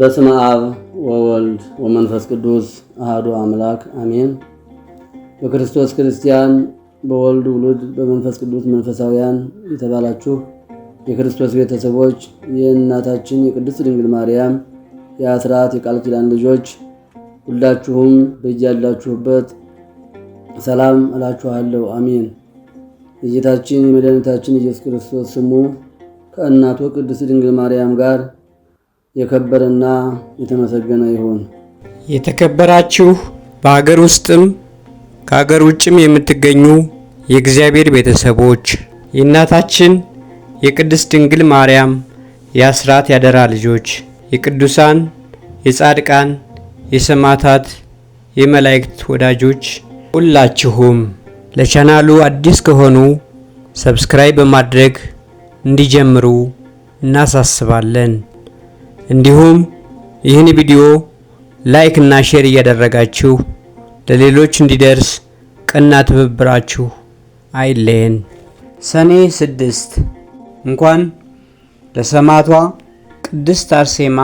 በስመ አብ ወወልድ ወመንፈስ ቅዱስ አህዱ አምላክ አሜን። በክርስቶስ ክርስቲያን በወልድ ውሉድ በመንፈስ ቅዱስ መንፈሳውያን የተባላችሁ የክርስቶስ ቤተሰቦች የእናታችን የቅድስት ድንግል ማርያም የአስራት የቃል ኪዳን ልጆች ሁላችሁም በያላችሁበት ሰላም እላችኋለሁ። አሜን። የጌታችን የመድኃኒታችን ኢየሱስ ክርስቶስ ስሙ ከእናቱ ቅድስት ድንግል ማርያም ጋር የከበረና የተመሰገነ ይሁን። የተከበራችሁ በሀገር ውስጥም ከሀገር ውጭም የምትገኙ የእግዚአብሔር ቤተሰቦች የእናታችን የቅድስት ድንግል ማርያም የአስራት ያደራ ልጆች የቅዱሳን የጻድቃን የሰማዕታት የመላእክት ወዳጆች ሁላችሁም ለቻናሉ አዲስ ከሆኑ ሰብስክራይብ በማድረግ እንዲጀምሩ እናሳስባለን። እንዲሁም ይህን ቪዲዮ ላይክ እና ሼር እያደረጋችሁ ለሌሎች እንዲደርስ ቀና ትብብራችሁ አይለየን። ሰኔ ስድስት እንኳን ለሰማዕቷ ቅድስት አርሴማ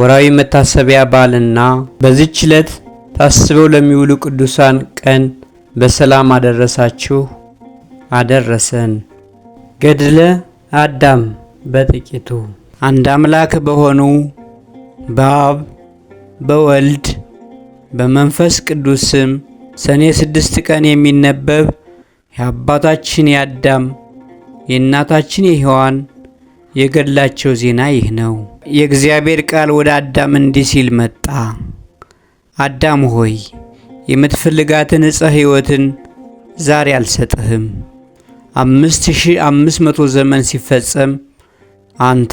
ወራዊ መታሰቢያ በዓልና በዚች ዕለት ታስበው ለሚውሉ ቅዱሳን ቀን በሰላም አደረሳችሁ አደረሰን። ገድለ አዳም በጥቂቱ አንድ አምላክ በሆኑ በአብ በወልድ በመንፈስ ቅዱስ ስም ሰኔ ስድስት ቀን የሚነበብ የአባታችን የአዳም የእናታችን የሔዋን የገድላቸው ዜና ይህ ነው። የእግዚአብሔር ቃል ወደ አዳም እንዲህ ሲል መጣ። አዳም ሆይ የምትፈልጋትን ዕፀ ሕይወትን ዛሬ አልሰጥህም። አምስት ሺህ አምስት መቶ ዘመን ሲፈጸም አንተ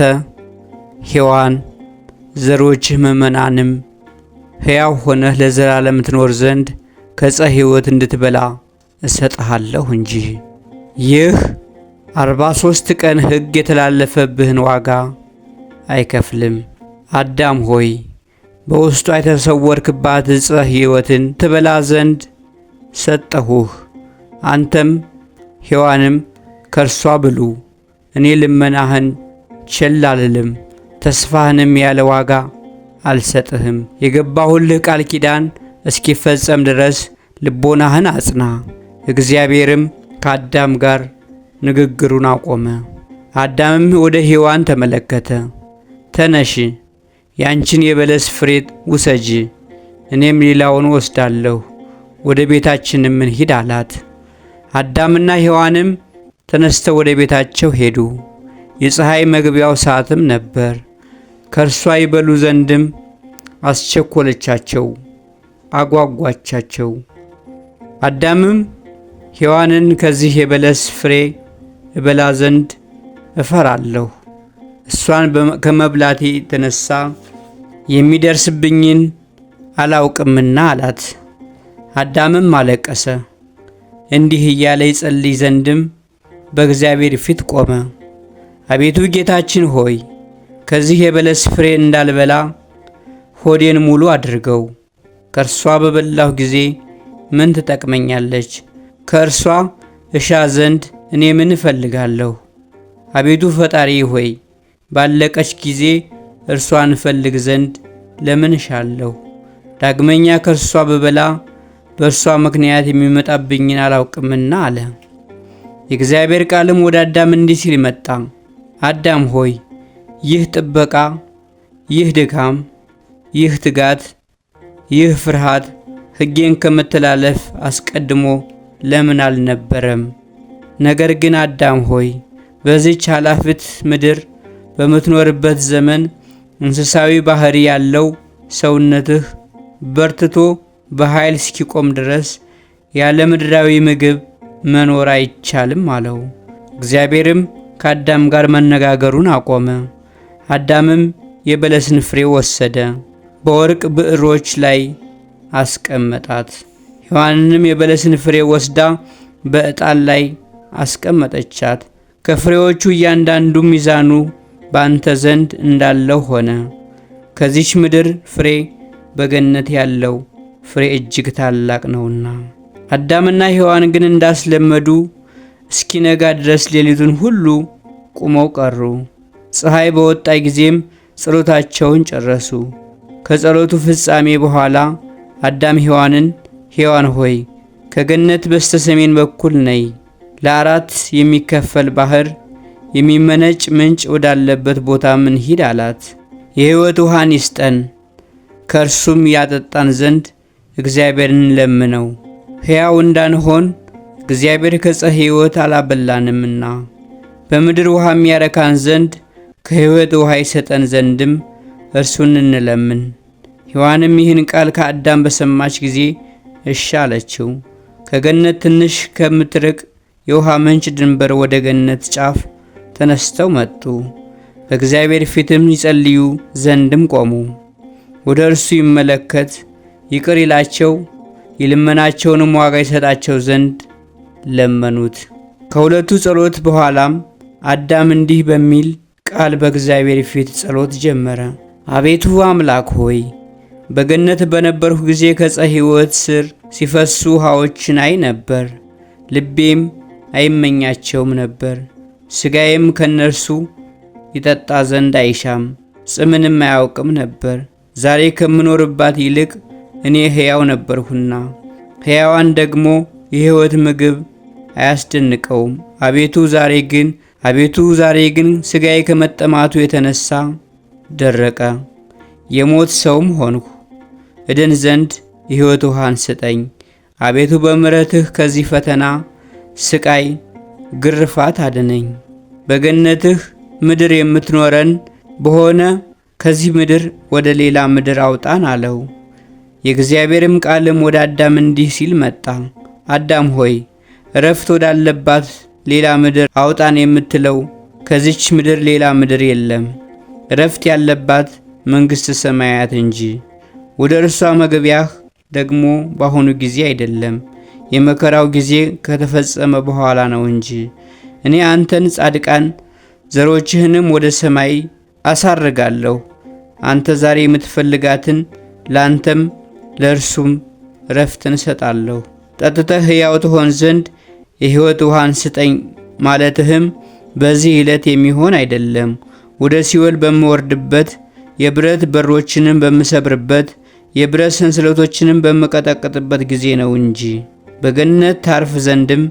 ሔዋን ዘሮችህ ምእመናንም ሕያው ሆነህ ለዘላለም ትኖር ዘንድ ከዕፀ ሕይወት እንድትበላ እሰጥሃለሁ እንጂ። ይህ አርባ ሦስት ቀን ሕግ የተላለፈብህን ዋጋ አይከፍልም። አዳም ሆይ በውስጧ የተሰወርክባት ዕፀ ሕይወትን ትበላ ዘንድ ሰጠሁህ። አንተም ሔዋንም ከእርሷ ብሉ። እኔ ልመናህን ቸል አልልም። ተስፋህንም ያለ ዋጋ አልሰጥህም። የገባሁልህ ቃል ኪዳን እስኪፈጸም ድረስ ልቦናህን አጽና። እግዚአብሔርም ከአዳም ጋር ንግግሩን አቆመ። አዳምም ወደ ሔዋን ተመለከተ። ተነሽ ያንቺን የበለስ ፍሬት ውሰጂ፣ እኔም ሌላውን ወስዳለሁ፣ ወደ ቤታችንም እንሂድ አላት። አዳምና ሔዋንም ተነስተው ወደ ቤታቸው ሄዱ። የፀሐይ መግቢያው ሰዓትም ነበር። ከእርሷ ይበሉ ዘንድም አስቸኮለቻቸው፣ አጓጓቻቸው። አዳምም ሔዋንን ከዚህ የበለስ ፍሬ እበላ ዘንድ እፈራለሁ፣ እሷን ከመብላቴ የተነሳ የሚደርስብኝን አላውቅምና አላት። አዳምም አለቀሰ፣ እንዲህ እያለ ይጸልይ ዘንድም በእግዚአብሔር ፊት ቆመ። አቤቱ ጌታችን ሆይ ከዚህ የበለስ ፍሬ እንዳልበላ ሆዴን ሙሉ አድርገው። ከእርሷ በበላሁ ጊዜ ምን ትጠቅመኛለች? ከእርሷ እሻ ዘንድ እኔ ምን እፈልጋለሁ? አቤቱ ፈጣሪ ሆይ ባለቀች ጊዜ እርሷን እፈልግ ዘንድ ለምን እሻለሁ? ዳግመኛ ከእርሷ በበላ በእርሷ ምክንያት የሚመጣብኝን አላውቅምና አለ። የእግዚአብሔር ቃልም ወደ አዳም እንዲህ ሲል መጣ። አዳም ሆይ ይህ ጥበቃ፣ ይህ ድካም፣ ይህ ትጋት፣ ይህ ፍርሃት ሕጌን ከመተላለፍ አስቀድሞ ለምን አልነበረም? ነገር ግን አዳም ሆይ በዚች ኃላፊት ምድር በምትኖርበት ዘመን እንስሳዊ ባህሪ ያለው ሰውነትህ በርትቶ በኃይል እስኪቆም ድረስ ያለ ምድራዊ ምግብ መኖር አይቻልም አለው። እግዚአብሔርም ከአዳም ጋር መነጋገሩን አቆመ። አዳምም የበለስን ፍሬ ወሰደ፣ በወርቅ ብዕሮች ላይ አስቀመጣት። ሔዋንንም የበለስን ፍሬ ወስዳ በዕጣን ላይ አስቀመጠቻት። ከፍሬዎቹ እያንዳንዱ ሚዛኑ በአንተ ዘንድ እንዳለው ሆነ። ከዚች ምድር ፍሬ በገነት ያለው ፍሬ እጅግ ታላቅ ነውና። አዳምና ሔዋን ግን እንዳስለመዱ እስኪነጋ ድረስ ሌሊቱን ሁሉ ቁመው ቀሩ። ፀሐይ በወጣ ጊዜም ጸሎታቸውን ጨረሱ። ከጸሎቱ ፍጻሜ በኋላ አዳም ሔዋንን ሔዋን ሆይ ከገነት በስተ ሰሜን በኩል ነይ፣ ለአራት የሚከፈል ባህር የሚመነጭ ምንጭ ወዳለበት ቦታ እንሂድ አላት። የሕይወት ውሃን ይስጠን ከእርሱም ያጠጣን ዘንድ እግዚአብሔርን ለምነው፣ ሕያው እንዳንሆን እግዚአብሔር ከጸ ሕይወት አላበላንምና በምድር ውሃ የሚያረካን ዘንድ ከሕይወት ውሃ ይሰጠን ዘንድም እርሱን እንለምን። ሔዋንም ይህን ቃል ከአዳም በሰማች ጊዜ እሺ አለችው። ከገነት ትንሽ ከምትርቅ የውሃ ምንጭ ድንበር ወደ ገነት ጫፍ ተነስተው መጡ። በእግዚአብሔር ፊትም ይጸልዩ ዘንድም ቆሙ። ወደ እርሱ ይመለከት ይቅር ይላቸው የልመናቸውንም ዋጋ ይሰጣቸው ዘንድ ለመኑት። ከሁለቱ ጸሎት በኋላም አዳም እንዲህ በሚል ቃል በእግዚአብሔር ፊት ጸሎት ጀመረ። አቤቱ አምላክ ሆይ በገነት በነበርሁ ጊዜ ከዕፀ ሕይወት ስር ሲፈሱ ውሃዎችን አይ ነበር፣ ልቤም አይመኛቸውም ነበር፣ ሥጋዬም ከእነርሱ ይጠጣ ዘንድ አይሻም፣ ጽምንም አያውቅም ነበር። ዛሬ ከምኖርባት ይልቅ እኔ ሕያው ነበርሁና ሕያዋን ደግሞ የሕይወት ምግብ አያስደንቀውም። አቤቱ ዛሬ ግን አቤቱ ዛሬ ግን ሥጋዬ ከመጠማቱ የተነሳ ደረቀ፣ የሞት ሰውም ሆንሁ። እድን ዘንድ የሕይወት ውሃን ስጠኝ። አቤቱ በምረትህ ከዚህ ፈተና ስቃይ፣ ግርፋት አድነኝ። በገነትህ ምድር የምትኖረን በሆነ ከዚህ ምድር ወደ ሌላ ምድር አውጣን አለው። የእግዚአብሔርም ቃልም ወደ አዳም እንዲህ ሲል መጣ። አዳም ሆይ እረፍት ወዳለባት ሌላ ምድር አውጣን የምትለው ከዚች ምድር ሌላ ምድር የለም፣ እረፍት ያለባት መንግሥተ ሰማያት እንጂ። ወደ እርሷ መግቢያህ ደግሞ በአሁኑ ጊዜ አይደለም፣ የመከራው ጊዜ ከተፈጸመ በኋላ ነው እንጂ። እኔ አንተን ጻድቃን ዘሮችህንም ወደ ሰማይ አሳርጋለሁ። አንተ ዛሬ የምትፈልጋትን ለአንተም ለእርሱም እረፍትን እሰጣለሁ። ጠጥተህ ሕያው ትሆን ዘንድ የሕይወት ውሃን ስጠኝ ማለትህም በዚህ ዕለት የሚሆን አይደለም። ወደ ሲኦል በምወርድበት የብረት በሮችንም በምሰብርበት የብረት ሰንሰለቶችንም በምቀጠቅጥበት ጊዜ ነው እንጂ በገነት ታርፍ ዘንድም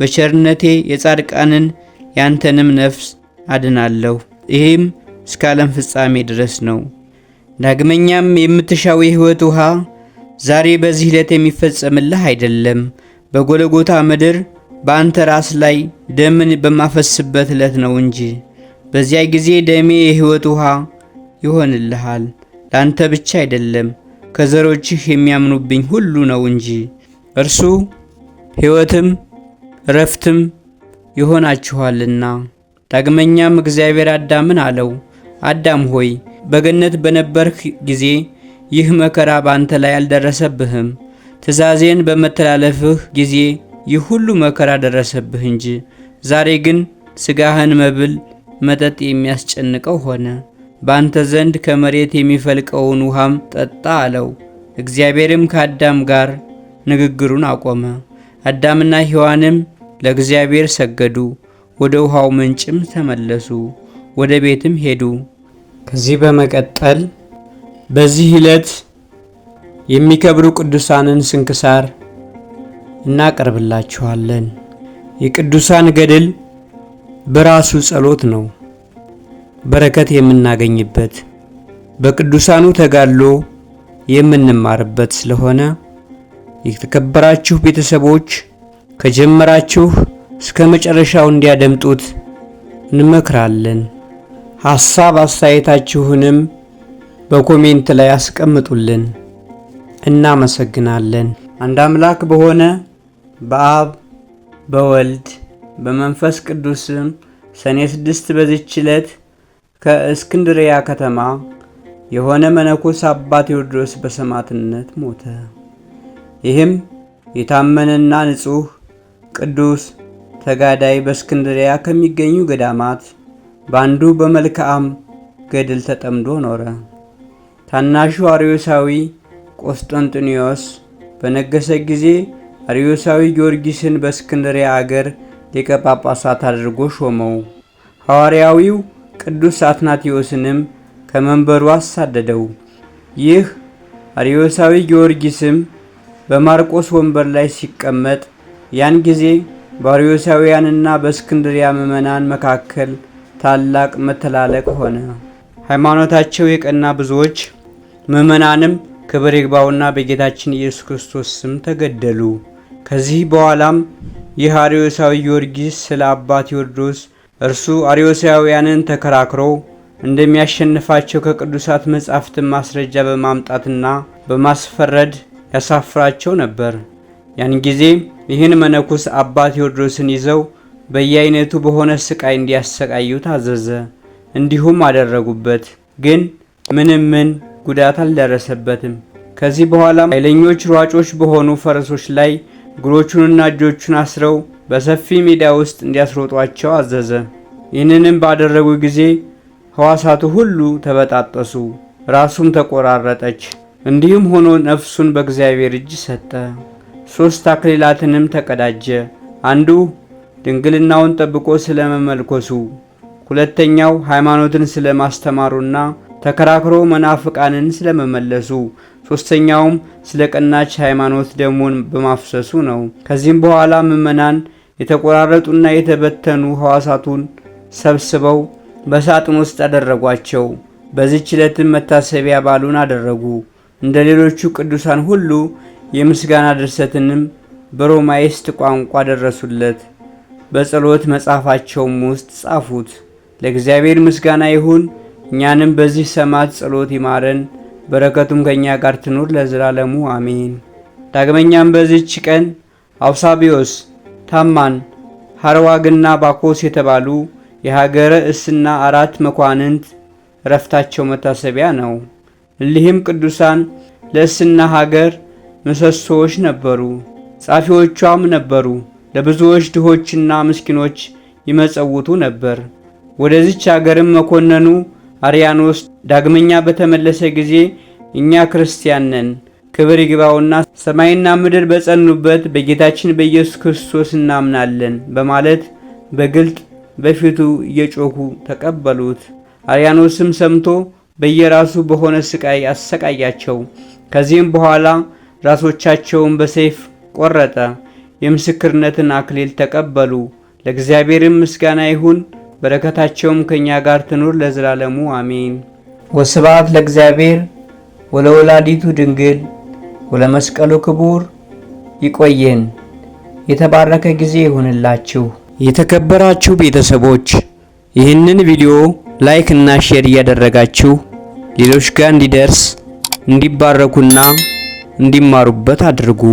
በቸርነቴ የጻድቃንን ያንተንም ነፍስ አድናለሁ። ይህም እስከ ዓለም ፍጻሜ ድረስ ነው። ዳግመኛም የምትሻው የሕይወት ውሃ ዛሬ በዚህ ዕለት የሚፈጸምልህ አይደለም። በጎለጎታ ምድር በአንተ ራስ ላይ ደምን በማፈስበት ዕለት ነው እንጂ። በዚያ ጊዜ ደሜ የሕይወት ውሃ ይሆንልሃል። ለአንተ ብቻ አይደለም ከዘሮችህ የሚያምኑብኝ ሁሉ ነው እንጂ። እርሱ ሕይወትም እረፍትም ይሆናችኋልና። ዳግመኛም እግዚአብሔር አዳምን አለው፣ አዳም ሆይ በገነት በነበርህ ጊዜ ይህ መከራ በአንተ ላይ አልደረሰብህም ትእዛዜን በመተላለፍህ ጊዜ ይህ ሁሉ መከራ ደረሰብህ እንጂ ዛሬ ግን ስጋህን መብል መጠጥ የሚያስጨንቀው ሆነ። በአንተ ዘንድ ከመሬት የሚፈልቀውን ውሃም ጠጣ አለው። እግዚአብሔርም ከአዳም ጋር ንግግሩን አቆመ። አዳምና ሔዋንም ለእግዚአብሔር ሰገዱ፣ ወደ ውሃው ምንጭም ተመለሱ፣ ወደ ቤትም ሄዱ። ከዚህ በመቀጠል በዚህ ዕለት የሚከብሩ ቅዱሳንን ስንክሳር እናቀርብላችኋለን። የቅዱሳን ገድል በራሱ ጸሎት ነው፣ በረከት የምናገኝበት በቅዱሳኑ ተጋድሎ የምንማርበት ስለሆነ የተከበራችሁ ቤተሰቦች ከጀመራችሁ እስከ መጨረሻው እንዲያደምጡት እንመክራለን። ሐሳብ አስተያየታችሁንም በኮሜንት ላይ አስቀምጡልን። እናመሰግናለን። አንድ አምላክ በሆነ በአብ በወልድ በመንፈስ ቅዱስም ሰኔ ስድስት በዚች ዕለት ከእስክንድሪያ ከተማ የሆነ መነኮስ አባ ቴዎድሮስ በሰማዕትነት ሞተ። ይህም የታመነና ንጹሕ ቅዱስ ተጋዳይ በእስክንድሪያ ከሚገኙ ገዳማት በአንዱ በመልክዓም ገድል ተጠምዶ ኖረ። ታናሹ አርዮሳዊ ቆስጠንጢኖስ በነገሰ ጊዜ አርዮሳዊ ጊዮርጊስን በእስክንድሪያ አገር ሊቀ ጳጳሳት አድርጎ ሾመው። ሐዋርያዊው ቅዱስ አትናቴዎስንም ከመንበሩ አሳደደው። ይህ አርዮሳዊ ጊዮርጊስም በማርቆስ ወንበር ላይ ሲቀመጥ ያን ጊዜ በአርዮሳውያንና በእስክንድሪያ ምዕመናን መካከል ታላቅ መተላለቅ ሆነ። ሃይማኖታቸው የቀና ብዙዎች ምዕመናንም ክብር ይግባውና በጌታችን ኢየሱስ ክርስቶስ ስም ተገደሉ። ከዚህ በኋላም ይህ አርዮሳዊ ጊዮርጊስ ስለ አባ ቴዎድሮስ እርሱ አርዮሳውያንን ተከራክሮ እንደሚያሸንፋቸው ከቅዱሳት መጻሕፍትን ማስረጃ በማምጣትና በማስፈረድ ያሳፍራቸው ነበር። ያን ጊዜ ይህን መነኩስ አባ ቴዎድሮስን ይዘው በየአይነቱ በሆነ ስቃይ እንዲያሰቃዩ ታዘዘ። እንዲሁም አደረጉበት። ግን ምንም ምን ጉዳት አልደረሰበትም። ከዚህ በኋላም ኃይለኞች ሯጮች በሆኑ ፈረሶች ላይ እግሮቹንና እጆቹን አስረው በሰፊ ሜዳ ውስጥ እንዲያስሮጧቸው አዘዘ። ይህንንም ባደረጉ ጊዜ ሕዋሳቱ ሁሉ ተበጣጠሱ፣ ራሱም ተቆራረጠች። እንዲህም ሆኖ ነፍሱን በእግዚአብሔር እጅ ሰጠ። ሦስት አክሊላትንም ተቀዳጀ። አንዱ ድንግልናውን ጠብቆ ስለመመልኮሱ፣ ሁለተኛው ሃይማኖትን ስለማስተማሩና ማስተማሩና ተከራክሮ መናፍቃንን ስለመመለሱ፣ ሶስተኛውም ስለ ቀናች ሃይማኖት ደሙን በማፍሰሱ ነው። ከዚህም በኋላ ምዕመናን የተቆራረጡና የተበተኑ ሐዋሳቱን ሰብስበው በሳጥን ውስጥ አደረጓቸው። በዚህች ዕለትም መታሰቢያ በዓሉን አደረጉ። እንደ ሌሎቹ ቅዱሳን ሁሉ የምስጋና ድርሰትንም በሮማይስጥ ቋንቋ ደረሱለት። በጸሎት መጽሐፋቸውም ውስጥ ጻፉት። ለእግዚአብሔር ምስጋና ይሁን እኛንም በዚህ ሰማዕት ጸሎት ይማረን፣ በረከቱም ከእኛ ጋር ትኑር ለዘላለሙ አሜን። ዳግመኛም በዚች ቀን አውሳቢዮስ፣ ታማን፣ ሐርዋግና ባኮስ የተባሉ የሀገረ እስና አራት መኳንንት ረፍታቸው መታሰቢያ ነው። እሊህም ቅዱሳን ለእስና ሀገር ምሰሶዎች ነበሩ፣ ጻፊዎቿም ነበሩ። ለብዙዎች ድሆችና ምስኪኖች ይመጸውቱ ነበር። ወደዚች አገርም መኮንኑ አርያኖስ ዳግመኛ በተመለሰ ጊዜ እኛ ክርስቲያን ነን፣ ክብር ይግባውና ሰማይና ምድር በጸኑበት በጌታችን በኢየሱስ ክርስቶስ እናምናለን በማለት በግልጥ በፊቱ እየጮኹ ተቀበሉት። አርያኖስም ሰምቶ በየራሱ በሆነ ስቃይ አሰቃያቸው። ከዚህም በኋላ ራሶቻቸውን በሰይፍ ቆረጠ። የምስክርነትን አክሊል ተቀበሉ። ለእግዚአብሔርም ምስጋና ይሁን። በረከታቸውም ከእኛ ጋር ትኑር ለዘላለሙ አሜን። ወስብሐት ለእግዚአብሔር ወለወላዲቱ ድንግል ወለመስቀሉ ክቡር። ይቆየን። የተባረከ ጊዜ ይሁንላችሁ። የተከበራችሁ ቤተሰቦች ይህንን ቪዲዮ ላይክ እና ሼር እያደረጋችሁ ሌሎች ጋር እንዲደርስ እንዲባረኩና እንዲማሩበት አድርጉ።